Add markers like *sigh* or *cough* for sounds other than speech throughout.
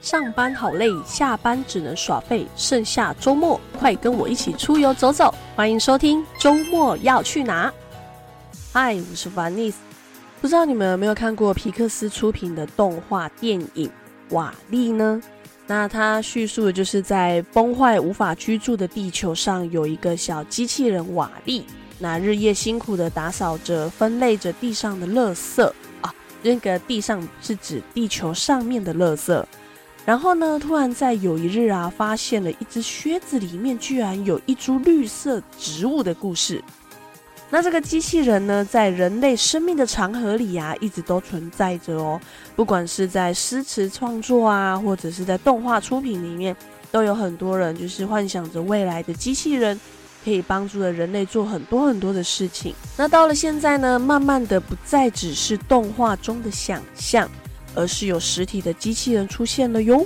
上班好累，下班只能耍廢，剩下周末，快跟我一起出遊走走！歡迎收聽《周末要去哪》。嗨，我是 Vanice。不知道你們有沒有看過皮克斯出品的動畫電影《瓦力》呢？那它敘述的就是在崩壞無法居住的地球上，有一個小機器人瓦力，那日夜辛苦地打掃着、分類着地上的垃圾啊，那個地上是指地球上面的垃圾。然後呢，突然在有一日啊，發現了一隻靴子裡面居然有一株綠色植物的故事。那這個機器人呢，在人類生命的長河裡啊，一直都存在着哦。不管是在詩詞創作啊，或者是在動畫出品裡面，都有很多人就是幻想着未來的機器人可以幫助了人類做很多很多的事情。那到了現在呢，慢慢的不再只是動畫中的想象。而是有實體的機器人出現了喲。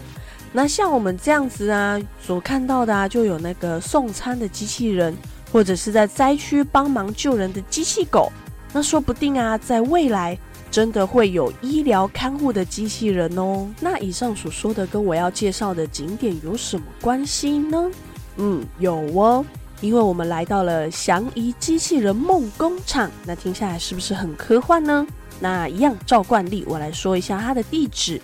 那像我們這樣子啊，所看到的啊，就有那個送餐的機器人，或者是在災區幫忙救人的機器狗。那說不定啊，在未來真的會有醫療看護的機器人喔。那以上所說的跟我要介紹的景點有什麼關係呢？嗯，有喔，因為我們來到了祥儀機器人夢工廠。那聽下來是不是很科幻呢？那一樣照慣例，我來說一下它的地址。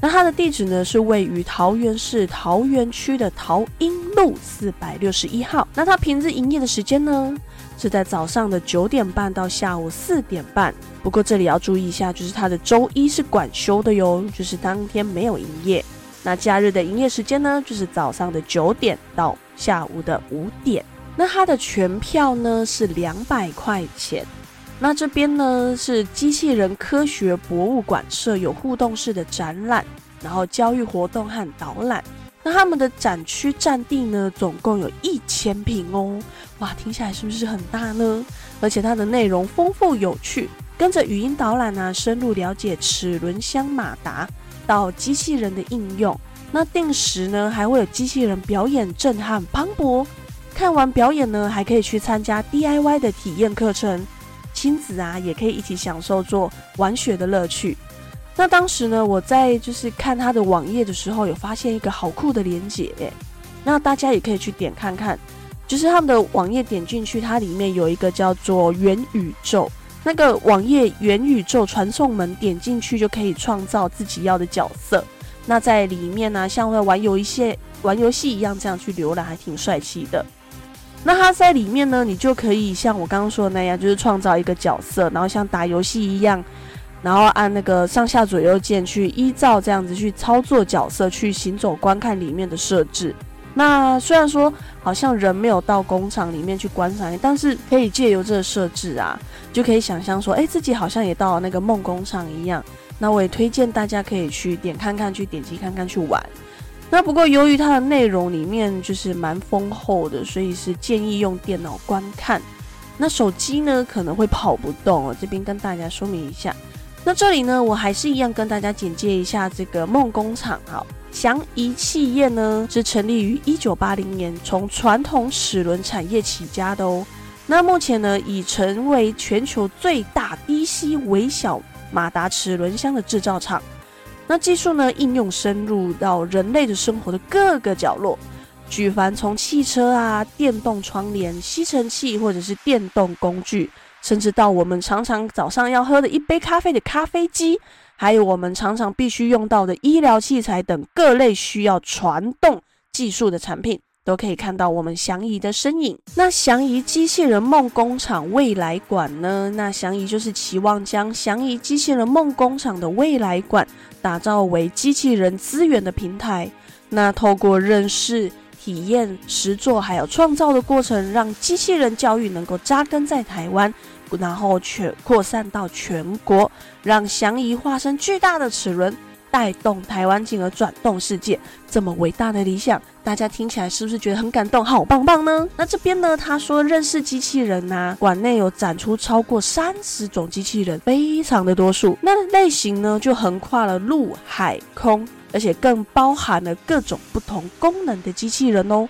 那它的地址呢，是位於桃園市桃園區的桃鶯路四百六十一號。那它平日營業的時間呢，是在早上的九點半到下午四點半。不過這裡要注意一下，就是它的周一是館休的喲，就是當天沒有營業。那假日的營業時間呢，就是早上的九點到下午的五點。那它的全票呢，是兩百塊錢。那這邊呢是機器人科學博物館，設有互動式的展覽，然後教育活動和導覽。那他們的展區佔地呢，總共有一千平哦。哇，聽起來是不是很大呢？而且它的內容豐富有趣，跟着語音導覽呢、啊，深入了解齒輪箱、馬達到機器人的應用。那定時呢，還會有機器人表演，震撼磅礴。看完表演呢，還可以去參加 DIY 的體驗課程。親子啊，也可以一起享受做玩雪的樂趣。那當時呢，我在就是看他的網頁的時候，有發現一個好酷的連接、欸。那大家也可以去點看看，就是他們的網頁點進去，它裡面有一個叫做元宇宙那個網頁元宇宙傳送門，點進去就可以創造自己要的角色。那在裡面呢、啊，像會玩遊戲玩遊戲一樣，這樣去瀏覽，還挺帥氣的。那它在裡面呢，你就可以像我剛剛說的那樣，就是創造一個角色，然後像打遊戲一樣，然後按那個上下左右鍵去依照這樣子去操作角色，去行走、觀看裡面的設置。那雖然說好像人沒有到工廠裡面去觀賞，但是可以借由這個設置啊，就可以想象說，欸，自己好像也到了那個夢工廠一樣。那我也推薦大家可以去點看看，去點擊看看，去玩。那不過，由於它的內容裡面就是蠻豐厚的，所以是建議用電腦觀看。那手機呢，可能會跑不動，我這邊跟大家說明一下。那這裡呢，我還是一樣跟大家簡介一下這個夢工廠。好，祥儀企業呢，是成立於一九八零年，從傳統齒輪產業起家的哦、喔。那目前呢，已成為全球最大 DC 微小馬達齒輪箱的製造廠。那技術呢，應用深入到人類的生活的各個角落，舉凡從汽車啊、電動窗簾、吸塵器，或者是電動工具，甚至到我們常常早上要喝的一杯咖啡的咖啡機，還有我們常常必須用到的醫療器材等各類需要傳動技術的產品。都可以看到我們祥儀的身影。那祥儀機器人夢工廠未來館呢？那祥儀就是期望將祥儀機器人夢工廠的未來館打造為機器人資源的平台。那透過認識、體驗、實作，還有創造的過程，讓機器人教育能夠扎根在台灣，然後全擴散到全國，讓祥儀化身巨大的齒輪。帶動台灣，進而轉動世界，這麼偉大的理想，大家聽起來是不是覺得很感動？好棒棒呢！那這邊呢，他說認識機器人吶、啊，館內有展出超過三十種機器人，非常的多數。那類型呢，就橫跨了陸、海、空，而且更包含了各種不同功能的機器人哦。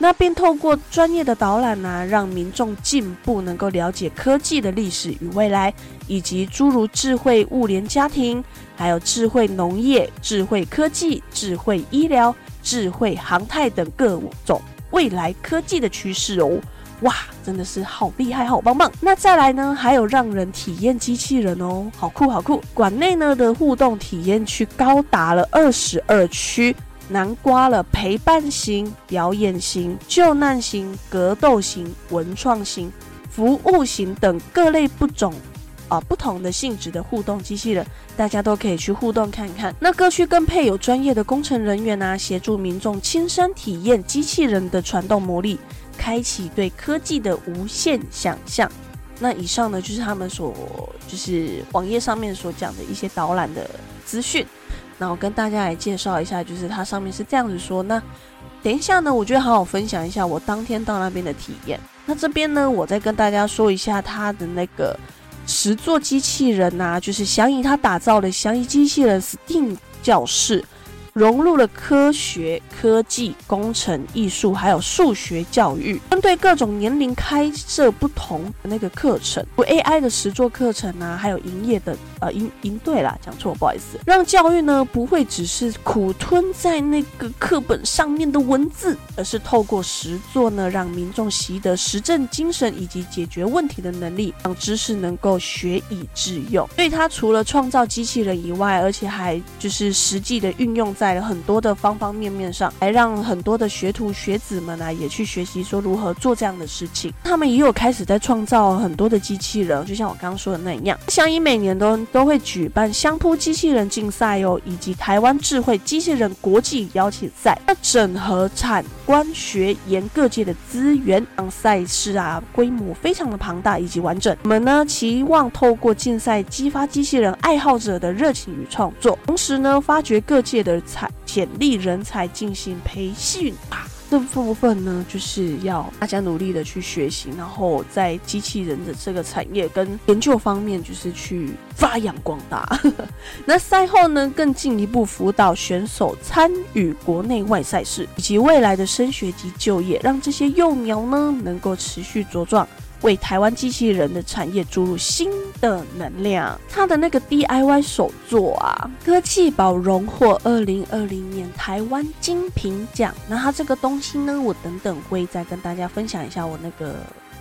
那並透過專業的導覽吶、啊，讓民眾進步能夠了解科技的歷史與未來，以及諸如智慧物聯家庭。還有智慧農業、智慧科技、智慧醫療、智慧航太等各種未來科技的趨勢哦，哇，真的是好厲害哦，好棒棒！那再來呢，還有讓人體驗機器人哦，好酷，好酷！館內呢的互動體驗區高達了二十二區，囊括了陪伴型、表演型、救難型、格鬥型、文創型、服務型等各類不種。啊，不同的性質的互動機器人，大家都可以去互動看看。那各區更配有專業的工程人員啊，協助民眾親身體驗機器人的傳動魔力，開啟對科技的無限想象。那以上呢，就是他們所，就是網頁上面所講的一些導覽的資訊。那我跟大家來介紹一下，就是它上面是這樣子說。那等一下呢，我就好好分享一下我當天到那邊的體驗。那這邊呢，我再跟大家說一下它的那個。十座機器人吶、啊，就是祥儀他打造的祥儀機器人，STEAM 教室。融入了科學、科技、工程、藝術，還有數學教育，針對各種年齡開設不同的那個課程，如 AI 的實作課程啊，還有營業的呃，營營隊啦，講錯，不好意思。讓教育呢不會只是苦吞在那個課本上面的文字，而是透過實作呢，讓民眾習得實證精神以及解決問題的能力，讓知識能夠學以致用。所以，它除了創造機器人以外，而且還就是實際的運用在。很多的方方面面上，來讓很多的學徒學子們啊，也去學習說如何做這樣的事情。他們也有開始在創造很多的機器人，就像我剛剛說的那一樣。祥儀每年都都會舉辦相撲機器人競賽哦，以及台灣智慧機器人國際邀請賽。那整合產官學研各界的資源，讓賽事啊規模非常的龐大以及完整。我們呢期望透過競賽激發機器人愛好者的熱情與創作，同時呢發掘各界的。潛力人才進行培訓啊，這部分呢就是要大家努力的去學習，然後在機器人的這個產業跟研究方面就是去發揚光大。 *laughs* 那賽後呢，更進一步輔導選手參與國內外賽事以及未來的升學及就業，讓這些幼苗呢能夠持續茁壯。為台灣機器人的產業注入新的能量。它的那個 DIY 手作啊，歌技寶榮獲2020年台灣精品獎。那它這個東西呢，我等等會再跟大家分享一下我那個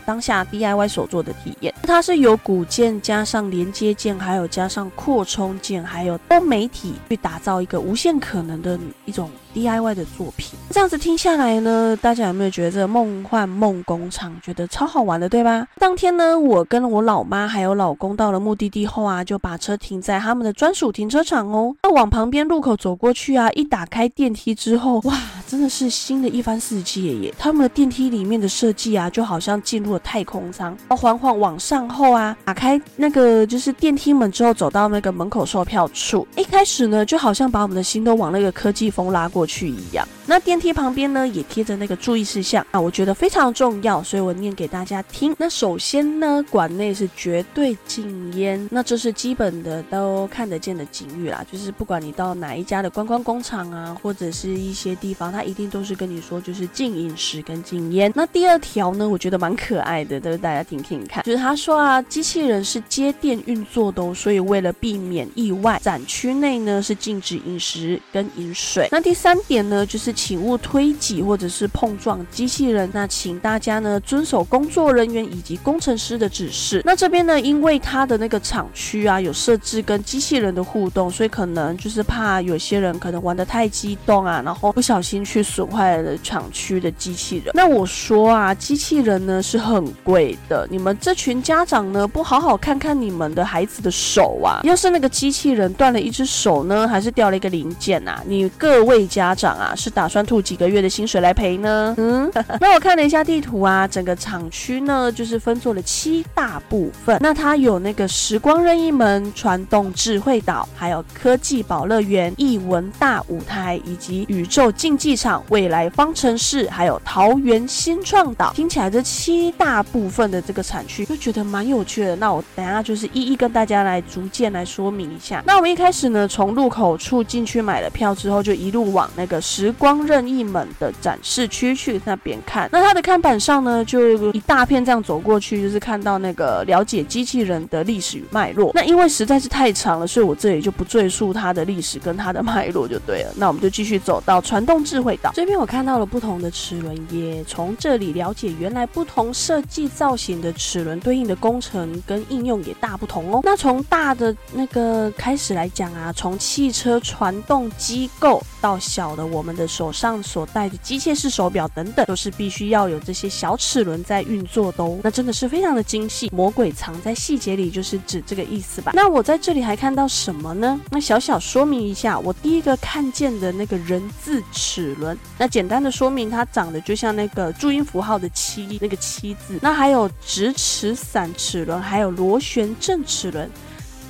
當下 DIY 手作的體驗。它是由骨架加上連接件，還有加上擴充件，還有多媒體去打造一個無限可能的一種 D I Y 的作品，這樣子聽下來呢，大家有沒有覺得夢幻夢工廠，覺得超好玩的，對吧？當天呢，我跟我老媽還有老公到了目的地後啊，就把車停在他們的專屬停車場哦。那往旁邊路口走過去啊，一打開電梯之後，哇，真的是新的一番世界耶，耶！他們的電梯裡面的設計啊，就好像進入了太空艙。緩緩往上後啊，打開那個就是電梯門之後，走到那個門口售票處，一開始呢，就好像把我們的心都往那個科技風拉過去一樣，那電梯旁邊呢也貼着那個注意事項啊，我覺得非常重要，所以我念給大家聽。那首先呢，館內是絕對禁煙，那這是基本的都看得見的警語啦，就是不管你到哪一家的觀光工廠啊，或者是一些地方，它一定都是跟你說就是禁飲食跟禁煙。那第二條呢，我覺得蠻可愛的，都是大家聽聽看，就是他說啊，機器人是接電運作的，所以為了避免意外，展區內呢是禁止飲食跟飲水。那第三。三點呢，就是請勿推擠或者是碰撞機器人。那請大家呢遵守工作人員以及工程師的指示。那這邊呢，因為它的那個廠區啊有設置跟機器人的互動，所以可能就是怕有些人可能玩得太激動啊，然後不小心去損壞了廠區的機器人。那我說啊，機器人呢是很貴的，你們這群家長呢不好好看看你們的孩子的手啊！要是那個機器人斷了一隻手呢，還是掉了一個零件啊？你各位。家長啊，是打算吐幾個月的薪水來賠呢？嗯， *laughs* 那我看了一下地圖啊，整個廠區呢就是分做了七大部分。那它有那個時光任意門、傳動智慧島、還有科技寶樂園、藝文大舞台以及宇宙競技場、未來方程式，還有桃園新創島。聽起來這七大部分的這個產區就覺得蠻有趣的。那我等下就是一一跟大家來逐漸來說明一下。那我們一開始呢，從入口處進去買了票之後，就一路往那個時光任意門的展示區去那邊看，那它的看板上呢，就一大片這樣走過去，就是看到那個了解機器人的歷史與脈絡。那因為實在是太長了，所以我這裡就不贅述它的歷史跟它的脈絡就對了。那我們就繼續走到傳動智慧島這邊，我看到了不同的齒輪，也從這裡了解原來不同設計造型的齒輪對應的工程跟應用也大不同哦。那從大的那個開始來講啊，從汽車傳動機構到小小的，我們的手上所戴的機械式手錶等等，都、就是必須要有這些小齒輪在運作的，哦。那真的是非常的精細。魔鬼藏在細節裡，就是指這個意思吧？那我在這裡還看到什麼呢？那小小說明一下，我第一個看見的那個人字齒輪，那簡單的說明它長得就像那個注音符號的七，那個七字。那還有直齒傘齒輪，還有螺旋正齒輪。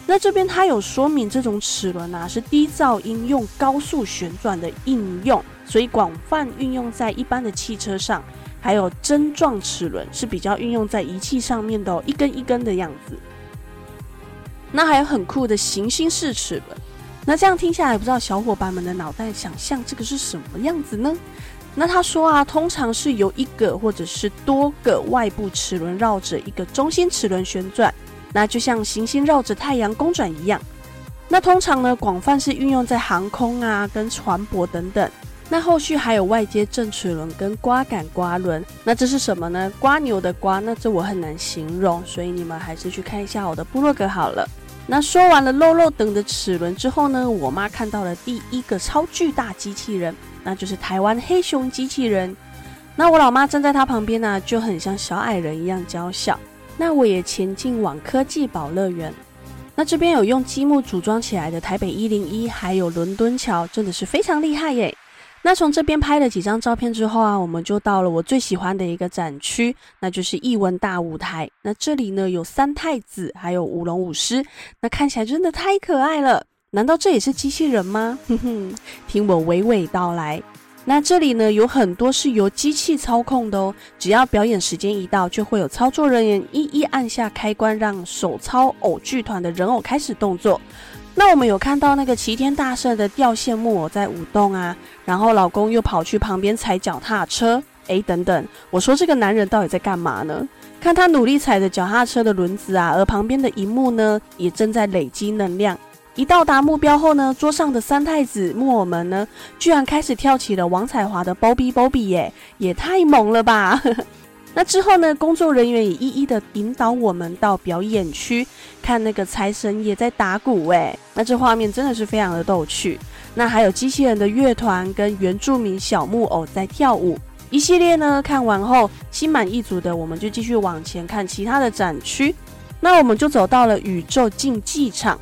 那這邊它有說明，這種齒輪啊是低噪音、用高速旋轉的應用，所以廣泛運用在一般的汽車上。還有針狀齒輪是比較運用在儀器上面的哦，一根一根的樣子。那還有很酷的行星式齒輪。那這樣聽下來，不知道小夥伴們的腦袋想象這個是什麼樣子呢？那他說啊，通常是由一個或者是多個外部齒輪繞着一個中心齒輪旋轉。那就像行星繞着太陽公轉一樣，那通常呢廣泛是運用在航空啊跟船舶等等。那後續還有外接正齒輪跟蝸桿蝸輪，那這是什麼呢？蝸牛的蝸，那這我很難形容，所以你們還是去看一下我的部落格好了。那說完了漏漏等的齒輪之後呢，我媽看到了第一個超巨大機器人，那就是台灣黑熊機器人。那我老媽站在它旁邊呢、啊，就很像小矮人一樣嬌小。那我也前進往科技寶樂園，那這邊有用積木組裝起來的台北一零一，還有倫敦橋，真的是非常厲害耶。那從這邊拍了幾張照片之後啊，我們就到了我最喜歡的一個展區，那就是藝文大舞台。那這裡呢有三太子，還有舞龍舞獅，那看起來真的太可愛了。難道這也是機器人嗎？哼哼，聽我娓娓道來。那這裡呢有很多是由機器操控的哦，只要表演時間一到，就會有操作人員一一按下開關，讓手操偶劇團的人偶開始動作。那我們有看到那個齊天大聖的吊線木偶、哦、在舞動啊，然後老公又跑去旁邊踩腳踏車，誒，等等，我說這個男人到底在幹嘛呢？看他努力踩着腳踏車的輪子啊，而旁邊的螢幕呢也正在累積能量。一到達目標後呢，桌上的三太子木偶們呢，居然開始跳起了王彩樺的 Bobby Bobby 耶、欸，也太萌了吧！ *laughs* 那之後呢，工作人員也一一的引導我們到表演區看那個財神也在打鼓誒、欸，那這畫面真的是非常的逗趣。那還有機器人的樂團跟原住民小木偶在跳舞，一系列呢，看完後心滿意足的，我們就繼續往前看其他的展區。那我們就走到了宇宙競技場。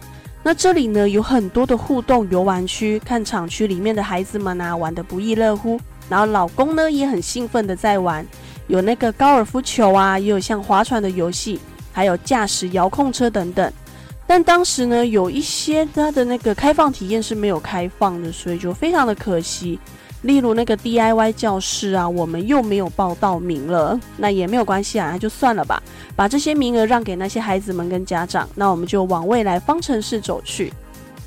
那這裡呢，有很多的互動遊玩區，看廠區裡面的孩子們啊，玩得不亦樂乎，然後老公呢也很興奮的在玩，有那個高爾夫球啊，也有像划船的遊戲，還有駕駛遙控車等等。但當時呢有一些它的那個開放體驗是沒有開放的，所以就非常的可惜。例如那個 DIY 教室啊，我們又沒有報到名了，那也沒有關係啊，那就算了吧，把這些名額讓給那些孩子們跟家長。那我們就往未來方程式走去。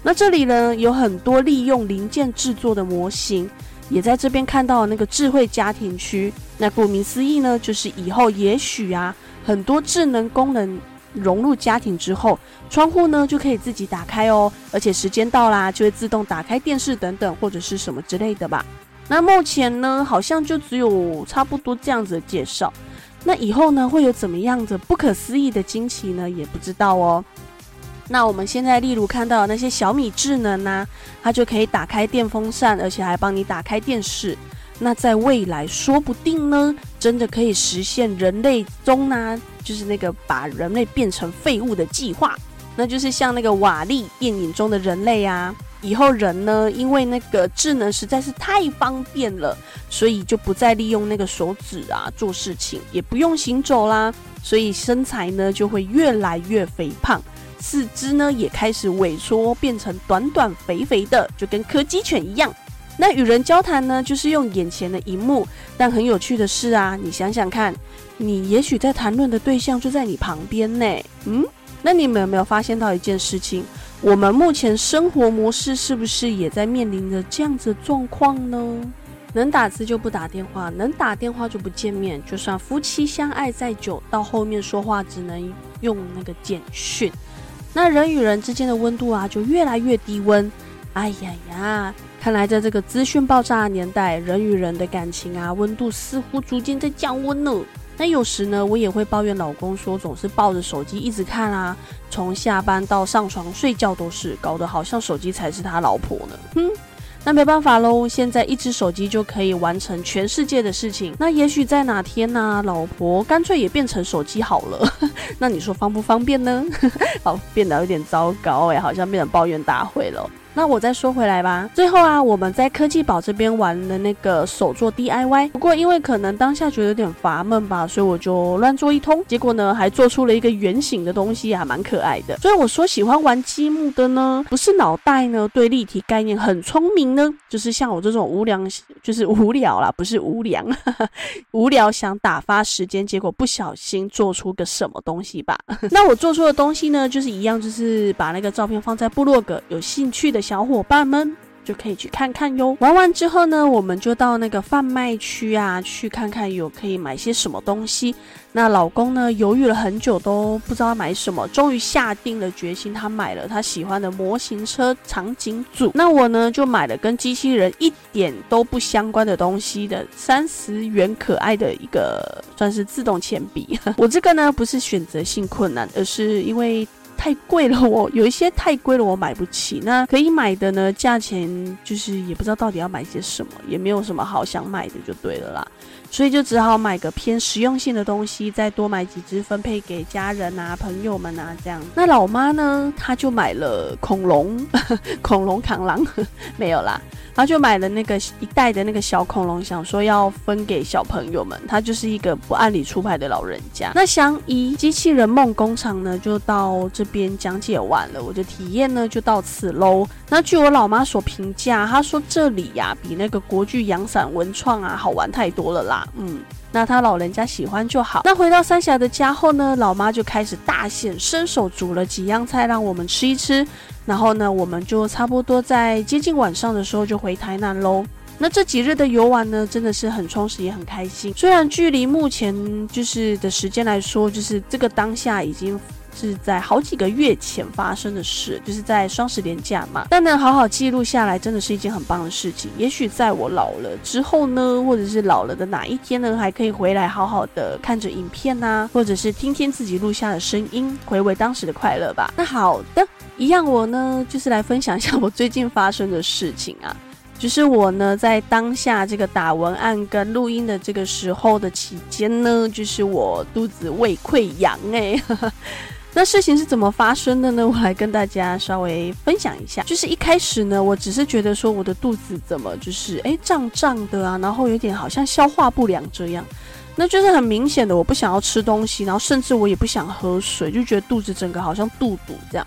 那這裡呢有很多利用零件制作的模型，也在這邊看到了那個智慧家庭區。那顧名思義呢，就是以後也許啊，很多智能功能融入家庭之後，窗戶呢就可以自己打開哦，而且時間到啦啊，就會自動打開電視等等或者是什麼之類的吧。那目前呢，好像就只有差不多這樣子的介紹。那以後呢，會有怎麼樣的不可思議的驚奇呢？也不知道哦、喔。那我們現在，例如看到那些小米智能啊，它就可以打開電風扇，而且還幫你打開電視。那在未來，說不定呢，真的可以實現人類中呢、啊，就是那個把人類變成廢物的計劃，那就是像那個瓦力電影中的人類啊。以後人呢，因為那個智能實在是太方便了，所以就不再利用那個手指啊做事情，也不用行走啦，所以身材呢就會越來越肥胖，四肢呢也開始萎縮，變成短短肥肥的，就跟柯基犬一樣。那與人交談呢，就是用眼前的螢幕。但很有趣的是啊，你想想看，你也許在談論的對象就在你旁邊呢、欸。嗯，那你們有沒有發現到一件事情？我們目前生活模式是不是也在面臨着這樣子的狀況呢？能打字就不打電話，能打電話就不見面，就算夫妻相愛再久，到後面說話只能用那個簡訊，那人與人之間的溫度啊，就越來越低溫。哎呀呀，看來在這個資訊爆炸的年代，人與人的感情啊，溫度似乎逐漸在降溫呢。那有時呢，我也會抱怨老公說，總是抱着手機一直看啊，從下班到上床睡覺都是，搞得好像手機才是他老婆呢。哼、嗯，那沒辦法嘍，現在一支手機就可以完成全世界的事情。那也許在哪天呢、啊，老婆乾脆也變成手機好了。 *laughs* 那你說方不方便呢？ *laughs* 好，變得有點糟糕誒、欸，好像變成抱怨大會了。那我再說回來吧。最後啊，我們在科技堡這邊玩的那個手作 DIY，不過因為可能當下覺得有點乏悶吧，所以我就亂做一通。結果呢，還做出了一個圓形的東西啊，蠻可愛的。所以我說喜歡玩積木的呢，不是腦袋呢，對立體概念很聰明呢，就是像我這種無聊，就是無聊啦，不是無聊， *laughs* 無聊，無聊想打發時間，結果不小心做出個什麼東西吧。 *laughs* 那我做出的東西呢，就是一樣，就是把那個照片放在部落格，有興趣的。小夥伴們就可以去看看喲。玩完之後呢，我們就到那個販賣區啊，去看看有可以買些什麼東西。那老公呢，猶豫了很久都不知道買什麼，終於下定了決心，他買了他喜歡的模型車場景組。那我呢，就買了跟機器人一點都不相關的東西的三十元可愛的一個，算是自動鉛筆。 *laughs* 我這個呢，不是選擇性困難，而是因為。太貴了我，我有一些太貴了，我買不起。那可以買的呢，價錢就是也不知道到底要買些什麼，也沒有什麼好想買的就對了啦。所以就只好買個偏實用性的東西，再多買幾隻分配給家人啊、朋友們啊這樣。那老媽呢，她就買了恐龍，恐龍扛狼，沒有啦，她就買了那個一袋的那個小恐龍，想說要分給小朋友們。她就是一個不按理出牌的老人家。那祥儀機器人夢工廠呢，就到這邊邊講解完了，我的體驗呢，就到此嘍。那據我老媽所評價，她說這裡呀、啊、比那個國際洋傘文創啊好玩太多了啦。嗯，那她老人家喜歡就好。那回到三峽的家後呢，老媽就開始大顯身手，煮了幾樣菜讓我們吃一吃。然後呢，我們就差不多在接近晚上的時候就回台南嘍。那這幾日的遊玩呢，真的是很充實也很開心。雖然距離目前就是的時間來說，就是這個當下已經。是在好幾個月前發生的事，就是在雙十連假嘛，但能好好記錄下來，真的是一件很棒的事情。也許在我老了之後呢，或者是老了的哪一天呢，還可以回來好好的看着影片吶、啊，或者是聽聽自己錄下的聲音，回味當時的快樂吧。那好的，一樣我呢，就是來分享一下我最近發生的事情啊，就是我呢在當下這個打文案跟錄音的這個時候的期間呢，就是我肚子胃潰瘍誒。 *laughs* 那事情是怎麼發生的呢？我來跟大家稍微分享一下，就是一開始呢，我只是覺得說我的肚子怎麼就是哎脹脹的啊，然後有點好像消化不良這樣。那就是很明顯的，我不想要吃東西，然後甚至我也不想喝水，就覺得肚子整個好像肚肚這樣。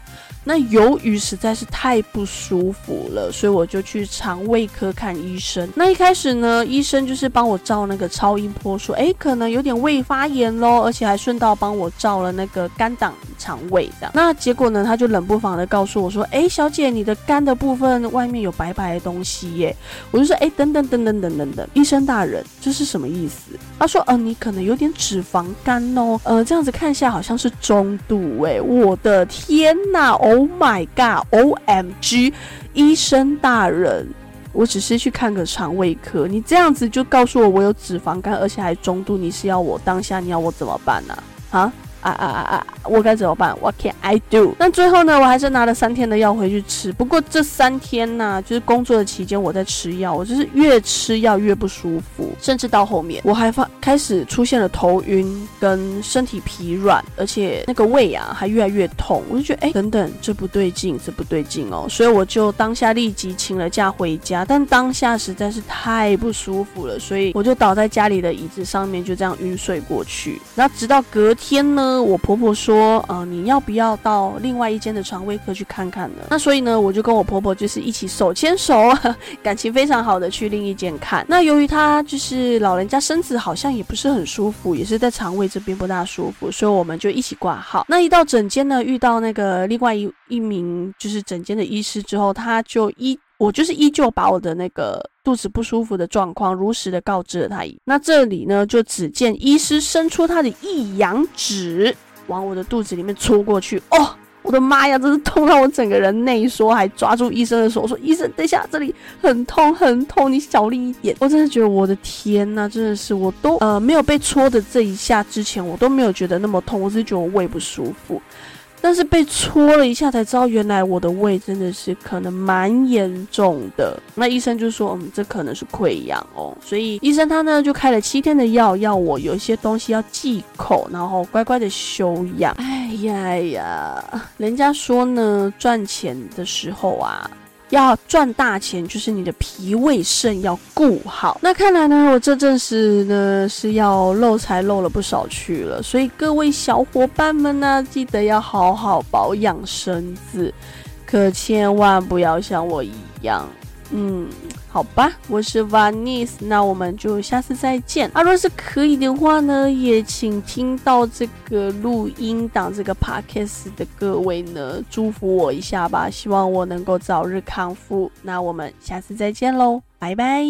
那由於實在是太不舒服了，所以我就去腸胃科看醫生。那一開始呢，醫生就是幫我照那個超音波說，說、欸、誒可能有點胃發炎嘍，而且還順道幫我照了那個肝膽腸胃的。那結果呢，他就冷不防的告訴我說，誒、欸、小姐，你的肝的部分外面有白白的東西耶。我就說，誒、欸、等等等等等等，等等，醫生大人，這是什麼意思？他說：“嗯、呃，你可能有點脂肪肝哦，呃，這樣子看一下好像是中度，哎，我的天吶，Oh my god，OMG，醫生大人，我只是去看個腸胃科，你這樣子就告訴我我有脂肪肝，而且還中度，你是要我當下你要我怎麼辦呢？啊？啊？”啊啊啊啊！我該怎麼辦？What can I do？那最後呢？我還是拿了三天的藥回去吃。不過這三天吶，就是工作的期間我在吃藥，我就是越吃藥越不舒服，甚至到後面我還發開始出現了頭暈跟身體疲軟，而且那個胃啊還越來越痛。我就覺得哎，等等，這不對勁，這不對勁哦。所以我就當下立即請了假回家，但當下實在是太不舒服了，所以我就倒在家裡的椅子上面就這樣暈睡過去。然後直到隔天呢，我婆婆說：“呃，你要不要到另外一間的腸胃科去看看呢？”那所以呢，我就跟我婆婆就是一起手牽手，感情非常好的去另一間看。那由於她就是老人家身子好像也不是很舒服，也是在腸胃這邊不大舒服，所以我們就一起掛號。那一到診間呢，遇到那個另外一一名就是診間的醫師之後，他就一。我就是依舊把我的那個肚子不舒服的狀況如實的告知了他。那這裡呢，就只見醫師伸出他的一陽指，往我的肚子裡面戳過去。哦，我的媽呀，這是痛到我整個人內縮，還抓住醫生的手說：“醫生，等一下，這裡很痛很痛，你小力一點。”我真的覺得我的天哪，真的是我都呃沒有被戳的這一下之前，我都沒有覺得那麼痛，我只是覺得我胃不舒服。但是被戳了一下，才知道原來我的胃真的是可能蠻嚴重的。那醫生就說，嗯，這可能是潰瘍哦。所以醫生他呢就開了七天的藥，要我有一些東西要忌口，然後乖乖的休養。哎呀哎呀，人家說呢，賺錢的時候啊。要賺大錢，就是你的脾胃腎要顧好。那看來呢，我這陣子呢是要漏財漏了不少去了。所以各位小夥伴們呢、啊，記得要好好保養身子，可千萬不要像我一樣，嗯。好吧，我是 Vanice 那我們就下次再見。啊，若是可以的話呢，也請聽到這個錄音檔、這個 Podcast 的各位呢，祝福我一下吧。希望我能夠早日康復。那我們下次再見嘍，拜拜。